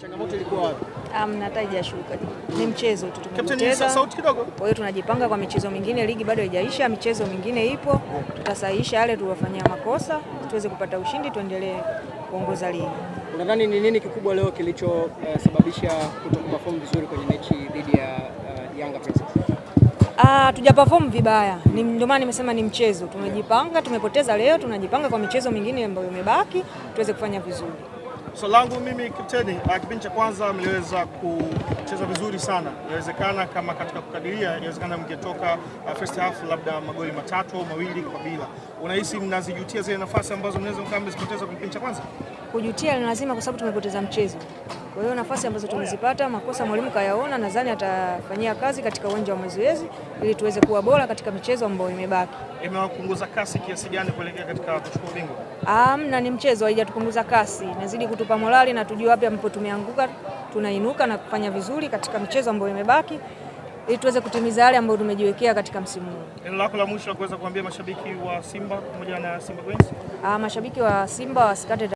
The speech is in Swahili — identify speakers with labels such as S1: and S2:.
S1: Changamoto ilikuwa wapi? Um, hata haijashuka. Ni mchezo tu tumepoteza. Sauti kidogo. Kwa hiyo tunajipanga kwa michezo mingine, ligi bado haijaisha, michezo mingine ipo, tutasahihisha yale tuliyofanyia makosa, tuweze kupata ushindi, tuendelee kuongoza ligi.
S2: Unadhani ni nini kikubwa leo kilichosababisha eh, uh, kutokuperform vizuri kwenye mechi dhidi ya uh, Yanga Princess?
S1: Ah, tujaperform vibaya. Ni ndio maana nimesema ni mchezo. Tumejipanga, tumepoteza leo, tunajipanga kwa michezo mingine ambayo imebaki, tuweze kufanya vizuri.
S2: So langu mimi Kapteni, uh, kipindi cha kwanza mliweza kucheza vizuri sana. Inawezekana kama katika kukadiria, inawezekana mngetoka uh, first half labda magoli matatu au mawili kwa bila. Unahisi mnazijutia zile nafasi ambazo mnaweza mkambezipoteza kwa kipindi cha kwanza?
S1: Kujutia ni lazima, kwa sababu tumepoteza mchezo kwa hiyo nafasi ambazo tumezipata, makosa mwalimu kayaona, nadhani atafanyia kazi katika uwanja wa mazoezi ili tuweze kuwa bora katika michezo ambayo imebaki.
S2: Imewapunguza kasi kiasi gani kuelekea katika kuchukua ubingwa?
S1: na ni mchezo, haijatupunguza kasi, nazidi kutupa morali na tujue wapi ambapo tumeanguka, tunainuka na kufanya vizuri katika michezo ambayo imebaki ili tuweze kutimiza yale ambayo tumejiwekea katika msimu huu.
S2: Neno lako la mwisho la kuweza kuambia mashabiki wa Simba pamoja na Simba Queens?
S1: Ah, mashabiki wa Simba wasikate